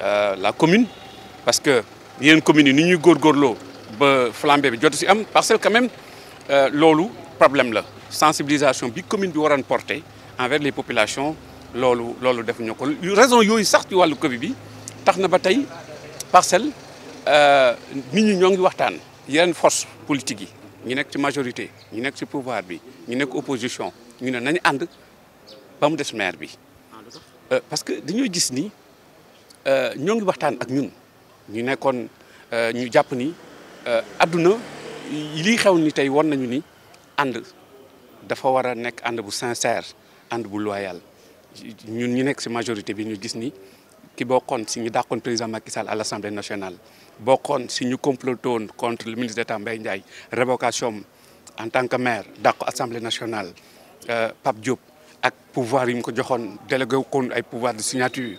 Euh, la commune parce que yeneen communes yi ni ñuy góorgóorloo ba flambé bi jotu ci am parce que quand même euh, lolu problème la sensibilisation bi commune bi waran porter envers les populations lolu lolu def ñu ko raison yooyu sax ci walu Covid bi tax na ba tey parcelle euh, nit ñi ñoo waxtaan yeneen force politique yi ñu nek ci majorité ñu nek ci pouvoir bi ñu nek opposition ñu ne nañu ànd ba mu des maire bi parce que dañoo gis ni nous, euh, ngi waxtaan ak ñun ñu nekkoon euh, ñu jàpp ni nekk bu sincère ànd bu loyal ñun ñi nekk majorité bi ñu président à l'Assemblée nationale si ñu contre le ministre de révocation en tant que maire de assemblée nationale euh, Pape Diop ak pouvoir yi ko délégué pouvoir de signature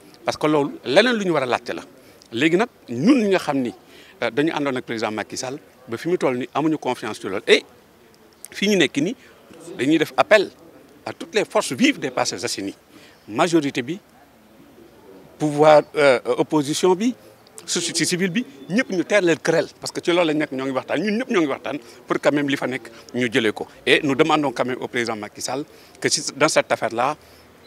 parce que loolu leneen luñu wara laté a la légui nak ñun ñi nga xamni euh, dañu andon ak président Macky Sall ba fi mu toll ni amuñu confiance ci loolu et fii ñu nekk ni dañuy def appel à toutes les forces vives des Parcelles Assainies majorité bi pouvoir euh, opposition bi société civile bi ñëpp ñu teel leen querelle parce que ci loolu lañ nekk ñoo ngi waxtaan ñun ñëpp ñoo ngi waxtaan pour quand même li fa nekk ñu jëlee ko et nous demandons quand même au président Macky Sall que dans cette affaire là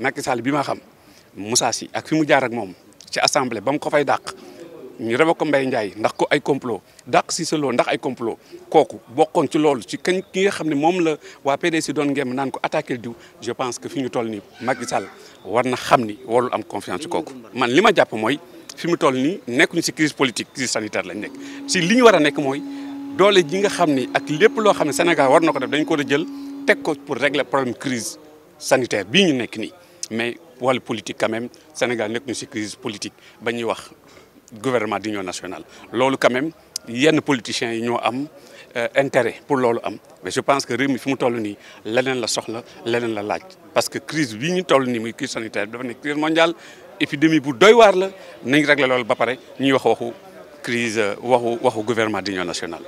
Macky Sall bi ma xam Moussa Sy ak fi mu jaar ak moom ci assemblée ba mu ko fay dàq ñu reba ko mbay Ndiaye ndax ko ay complot dàq si seloo ndax ay complot kooku bokkoon ci loolu ci kañ ki nga xam ne moom la waa PDS doon ngem naan ko attaqué diw je pense que fi ñu toll nii Macky Sall war na xam ni warul am confiance kooku man li ma jàpp mooy fi mu toll nii nekkuñu si crise politique crise sanitaire lañ nekk si li ñu war a nekk mooy doole ji nga xam ni ak lépp loo xam ne Sénégal war na ko def dañ ko war a jël teg ko pour régler problème crise sanitaire bii ñu nekk nii mais wal politique quand même Sénégal nek ñu ci crise politique ba ñuy wax gouvernement d'union nationale lolu quand même yenn politiciens yi ñoo am euh, intérêt pour lolu am mais je pense que réew mi fi mu toll nii leneen la soxla leneen la laaj parce que crise bi ñu tollu ni muy crise sanitaire dafa nekk crise mondiale épidémie bu doy war la nañ régler lolu ba paré ñi wax waxu crise euh, waxu waxu gouvernement d'union nationale